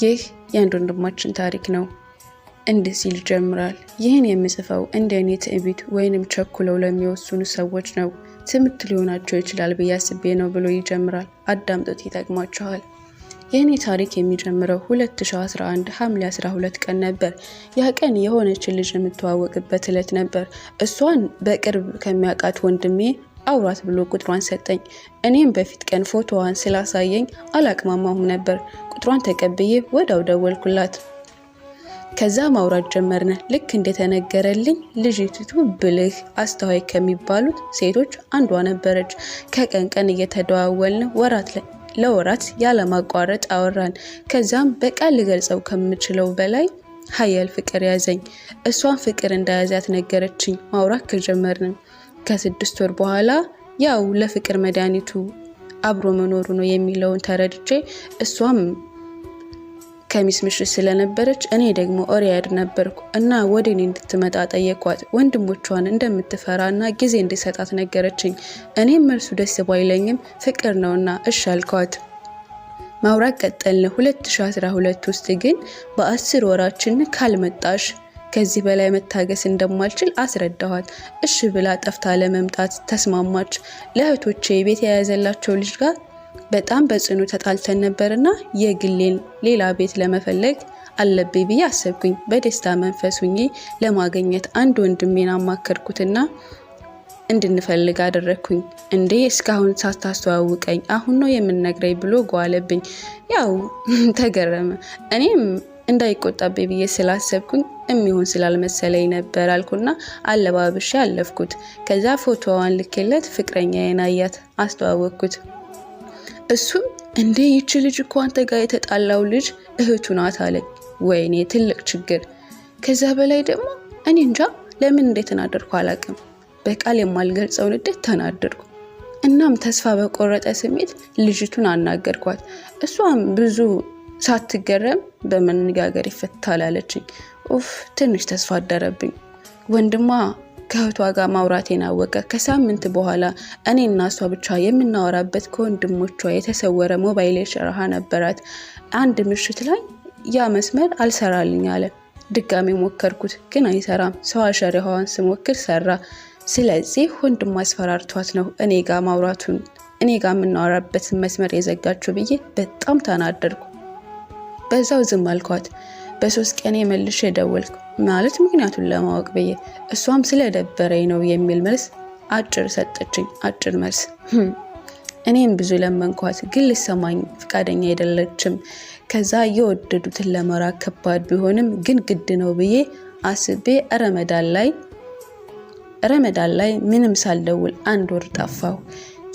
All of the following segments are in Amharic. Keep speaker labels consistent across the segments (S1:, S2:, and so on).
S1: ይህ የአንድ ወንድማችን ታሪክ ነው። እንዲህ ሲል ጀምራል። ይህን የምጽፈው እንደ እኔ ትዕቢት ወይንም ቸኩለው ለሚወስኑ ሰዎች ነው፣ ትምህርት ሊሆናቸው ይችላል ብዬ አስቤ ነው ብሎ ይጀምራል። አዳምጦት ይጠቅማችኋል። የእኔ ታሪክ የሚጀምረው 2011 ሐምሌ 12 ቀን ነበር። ያ ቀን የሆነችን ልጅ የምተዋወቅበት ዕለት ነበር። እሷን በቅርብ ከሚያውቃት ወንድሜ አውራት ብሎ ቁጥሯን ሰጠኝ። እኔም በፊት ቀን ፎቶዋን ስላሳየኝ አላቅማማሁም ነበር። ቁጥሯን ተቀብዬ ወዳው ደወልኩላት። ከዛ ማውራት ጀመርን። ልክ እንደተነገረልኝ ልጅቱ ብልህ፣ አስተዋይ ከሚባሉት ሴቶች አንዷ ነበረች። ከቀን ቀን እየተደዋወልን ወራት ላይ ለወራት ያለማቋረጥ አወራን። ከዛም በቃል ልገልጸው ከምችለው በላይ ሀያል ፍቅር ያዘኝ። እሷን ፍቅር እንደያዛት ነገረችኝ። ማውራት ከጀመርንም ከስድስት ወር በኋላ ያው ለፍቅር መድኃኒቱ አብሮ መኖሩ ነው የሚለውን ተረድቼ እሷም ከሚስ ምሽት ስለነበረች እኔ ደግሞ ኦሪያድ ነበርኩ እና ወደ እኔ እንድትመጣ ጠየቋት። ወንድሞቿን እንደምትፈራ እና ጊዜ እንድሰጣት ነገረችኝ። እኔም እርሱ ደስ ባይለኝም ፍቅር ነውና እሺ አልኳት። ማውራት ቀጠልን። 2012 ውስጥ ግን በአስር ወራችን ካልመጣሽ ከዚህ በላይ መታገስ እንደማልችል አስረዳኋት። እሺ ብላ ጠፍታ ለመምጣት ተስማማች። ለእህቶቼ ቤት የያዘላቸው ልጅ ጋር በጣም በጽኑ ተጣልተን ነበርና የግሌን ሌላ ቤት ለመፈለግ አለብኝ ብዬ አሰብኩኝ። በደስታ መንፈስ ሁኜ ለማግኘት አንድ ወንድሜን አማከርኩትና እንድንፈልግ አደረግኩኝ። እንዴ እስካሁን ሳታስተዋውቀኝ አሁን ነው የምነግረኝ ብሎ ጓለብኝ። ያው ተገረመ። እኔም እንዳይቆጣብኝ ብዬ ስላሰብኩኝ የሚሆን ስላልመሰለኝ ነበር አልኩና አለባብሼ አለፍኩት። ከዛ ፎቶዋን ልኬለት ፍቅረኛዬን አያት፣ አስተዋወቅኩት። እሱም እንዴ ይቺ ልጅ እኮ አንተ ጋር የተጣላው ልጅ እህቱ ናት አለ። ወይኔ ትልቅ ችግር። ከዛ በላይ ደግሞ እኔ እንጃ ለምን እንደተናደድኩ አላቅም። በቃል የማልገልጸውን ንዴት ተናደድኩ። እናም ተስፋ በቆረጠ ስሜት ልጅቱን አናገርኳት። እሷም ብዙ ሳትገረም በመነጋገር ይፈታል አለችኝ። ኡፍ ትንሽ ተስፋ አደረብኝ። ወንድሟ ከእህቷ ጋር ማውራቴን አወቀ። ከሳምንት በኋላ እኔ እና እሷ ብቻ የምናወራበት ከወንድሞቿ የተሰወረ ሞባይል የሸራሃ ነበራት። አንድ ምሽት ላይ ያ መስመር አልሰራልኝ አለ። ድጋሜ ሞከርኩት፣ ግን አይሰራም። ሰው አሸሪዋን ስሞክር ሰራ። ስለዚህ ወንድሟ አስፈራርቷት ነው እኔ ጋር ማውራቱን እኔ ጋር የምናወራበትን መስመር የዘጋችው ብዬ በጣም ተናደርኩ። በዛው ዝም አልኳት። በሶስት ቀን መልሼ ደወልኩ ማለት ምክንያቱን ለማወቅ ብዬ እሷም ስለደበረኝ ነው የሚል መልስ አጭር ሰጠችኝ። አጭር መልስ። እኔም ብዙ ለመንኳት፣ ግን ልሰማኝ ፈቃደኛ አይደለችም። ከዛ የወደዱትን ለመራቅ ከባድ ቢሆንም ግን ግድ ነው ብዬ አስቤ ረመዳን ላይ ረመዳን ላይ ምንም ሳልደውል አንድ ወር ጠፋሁ።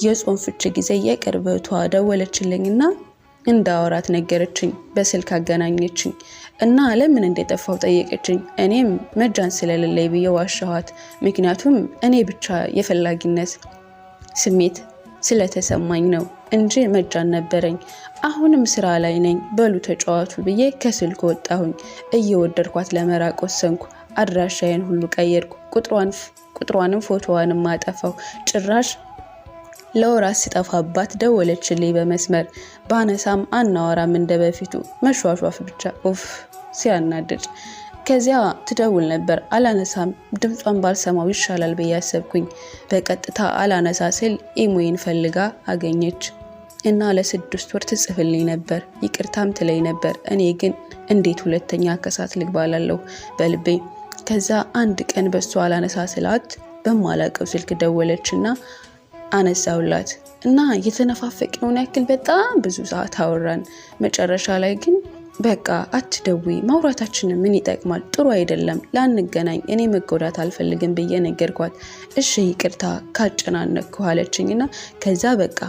S1: የጾም ፍች ጊዜ የቅርበቷ ደወለችልኝና እንዳወራት ነገረችኝ። በስልክ አገናኘችኝ እና ለምን እንደጠፋው ጠየቀችኝ። እኔም መጃን ስለሌለኝ ብዬ ዋሻኋት። ምክንያቱም እኔ ብቻ የፈላጊነት ስሜት ስለተሰማኝ ነው እንጂ መጃን ነበረኝ። አሁንም ስራ ላይ ነኝ፣ በሉ ተጫዋቱ ብዬ ከስልኩ ወጣሁኝ። እየወደድኳት ለመራቅ ወሰንኩ። አድራሻዬን ሁሉ ቀየርኩ። ቁጥሯንም ፎቶዋንም አጠፋው። ጭራሽ ለወራት ስጠፋባት ደወለችልኝ በመስመር ባነሳም አናወራም እንደ በፊቱ መሿሿፍ ብቻ ኡፍ ሲያናድድ። ከዚያ ትደውል ነበር አላነሳም። ድምጿን ባልሰማው ይሻላል ብያሰብኩኝ በቀጥታ አላነሳ ስል ኢሞዬን ፈልጋ አገኘች እና ለስድስት ወር ትጽፍልኝ ነበር፣ ይቅርታም ትለይ ነበር። እኔ ግን እንዴት ሁለተኛ ከሳት ልግባላለሁ በልቤ። ከዛ አንድ ቀን በሱ አላነሳ ስላት በማላቀው ስልክ ደወለች እና አነሳውላት እና የተነፋፈቅነውን ያክል በጣም ብዙ ሰዓት አወራን። መጨረሻ ላይ ግን በቃ አትደዊ ማውራታችን ምን ይጠቅማል? ጥሩ አይደለም፣ ላንገናኝ፣ እኔ መጎዳት አልፈልግም ብዬ ነገርኳት። እሺ ይቅርታ ካጨናነቅኩ አለችኝ ከዛ በቃ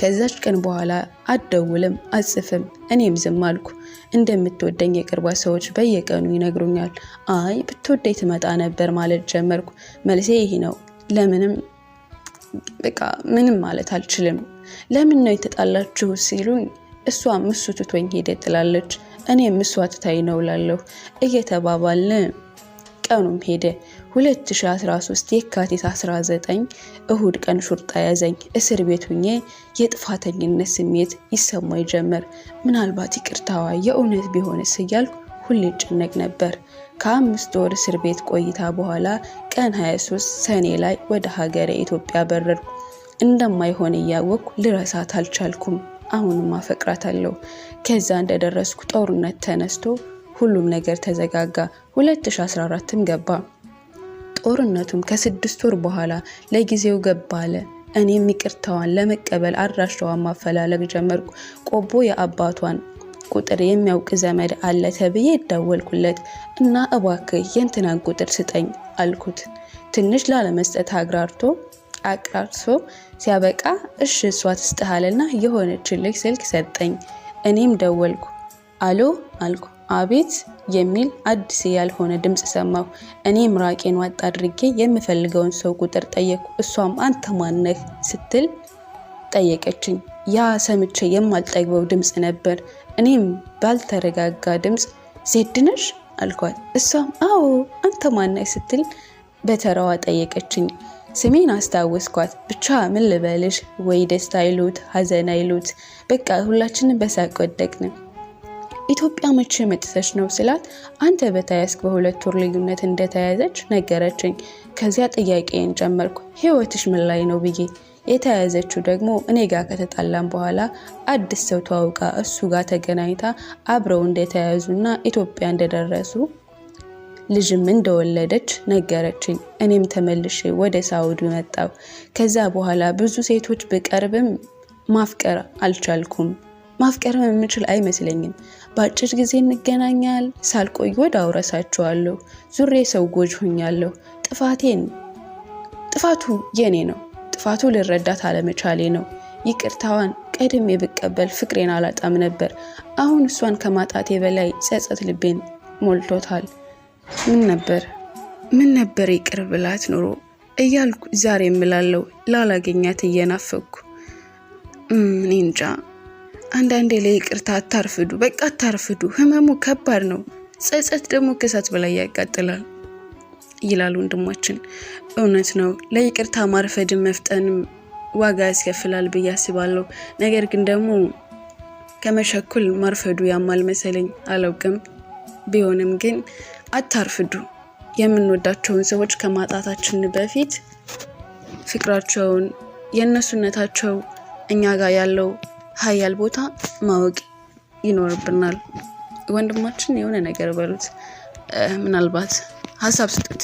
S1: ከዛች ቀን በኋላ አደውልም አጽፍም እኔም ዝም አልኩ። እንደምትወደኝ የቅርቧ ሰዎች በየቀኑ ይነግሩኛል። አይ ብትወደኝ ትመጣ ነበር ማለት ጀመርኩ። መልሴ ይሄ ነው፣ ለምንም በቃ ምንም ማለት አልችልም። ለምን ነው የተጣላችሁ ሲሉኝ እሷ እሱ ትቶኝ ሄደ ጥላለች፣ እኔም እሷ ትታይ ነው እላለሁ እየተባባልን ቀኑም ሄደ። 2013 የካቲት 19 እሁድ ቀን ሹርጣ ያዘኝ። እስር ቤት ሁኜ የጥፋተኝነት ስሜት ይሰማ ጀመር። ምናልባት ይቅርታዋ የእውነት ቢሆንስ እያልኩ ሁሌ ጭነቅ ነበር። ከአምስት ወር እስር ቤት ቆይታ በኋላ ቀን 23 ሰኔ ላይ ወደ ሀገረ ኢትዮጵያ በረርኩ። እንደማይሆን እያወቅኩ ልረሳት አልቻልኩም። አሁንም አፈቅራታለሁ። ከዛ እንደደረስኩ ጦርነት ተነስቶ ሁሉም ነገር ተዘጋጋ። 2014ም ገባ። ጦርነቱም ከስድስት ወር በኋላ ለጊዜው ገባ አለ። እኔም ይቅርታዋን ለመቀበል አድራሻዋን ማፈላለግ ጀመርኩ። ቆቦ የአባቷን ቁጥር የሚያውቅ ዘመድ አለ ተብዬ ይደወልኩለት እና እባክህ የእንትናን ቁጥር ስጠኝ አልኩት። ትንሽ ላለመስጠት አግራርቶ አቅራርሶ ሲያበቃ እሺ እሷ ትስጥሃልና የሆነችልህ ስልክ ሰጠኝ። እኔም ደወልኩ። አሎ አልኩ። አቤት የሚል አዲስ ያልሆነ ድምፅ ሰማሁ። እኔም ራቄን ዋጥ አድርጌ የምፈልገውን ሰው ቁጥር ጠየቅኩ። እሷም አንተ ማነህ ስትል ጠየቀችኝ። ያ ሰምቼ የማልጠግበው ድምፅ ነበር። እኔም ባልተረጋጋ ድምፅ ዜድ ነሽ አልኳት። እሷም አዎ አንተ ማናይ ስትል በተራዋ ጠየቀችኝ። ስሜን አስታወስኳት። ብቻ ምን ልበልሽ፣ ወይ ደስታ አይሉት ሀዘን አይሉት በቃ ሁላችንም በሳቅ ወደቅን። ኢትዮጵያ መቼ መጥተሽ ነው ስላት አንተ በተያዝክ በሁለት ወር ልዩነት እንደተያዘች ነገረችኝ። ከዚያ ጥያቄን ጀመርኩ፣ ህይወትሽ ምን ላይ ነው ብዬ የተያያዘችው ደግሞ እኔ ጋር ከተጣላም በኋላ አዲስ ሰው ተዋውቃ እሱ ጋር ተገናኝታ አብረው እንደተያያዙና ኢትዮጵያ እንደደረሱ ልጅም እንደወለደች ነገረችኝ። እኔም ተመልሼ ወደ ሳውዲ መጣው። ከዛ በኋላ ብዙ ሴቶች ብቀርብም ማፍቀር አልቻልኩም። ማፍቀርም የምችል አይመስለኝም። በአጭር ጊዜ እንገናኛል ሳልቆይ ወደ አውረሳችኋለሁ። ዙሬ ሰው ጎጅ ሁኛለሁ። ጥፋቴን ጥፋቱ የኔ ነው። ጥፋቱ ልረዳት አለመቻሌ ነው። ይቅርታዋን ቀድሜ ብቀበል ፍቅሬን አላጣም ነበር። አሁን እሷን ከማጣቴ በላይ ጸጸት ልቤን ሞልቶታል። ምን ነበር ምን ነበር ይቅር ብላት ኑሮ እያልኩ ዛሬ የምላለው ላላገኛት እየናፈኩ እኔ እንጃ። አንዳንዴ ለይቅርታ አታርፍዱ፣ በቃ አታርፍዱ። ህመሙ ከባድ ነው። ጸጸት ደግሞ ከእሳት በላይ ያቃጥላል። ይላል ወንድማችን። እውነት ነው ለይቅርታ ማርፈድን መፍጠንም ዋጋ ያስከፍላል ብዬ አስባለሁ። ነገር ግን ደግሞ ከመሸኩል ማርፈዱ ያማል መሰለኝ፣ አላውቅም። ቢሆንም ግን አታርፍዱ። የምንወዳቸውን ሰዎች ከማጣታችን በፊት ፍቅራቸውን፣ የእነሱነታቸው እኛ ጋር ያለው ሀያል ቦታ ማወቅ ይኖርብናል። ወንድማችን የሆነ ነገር በሉት ምናልባት ሀሳብ ስጡት።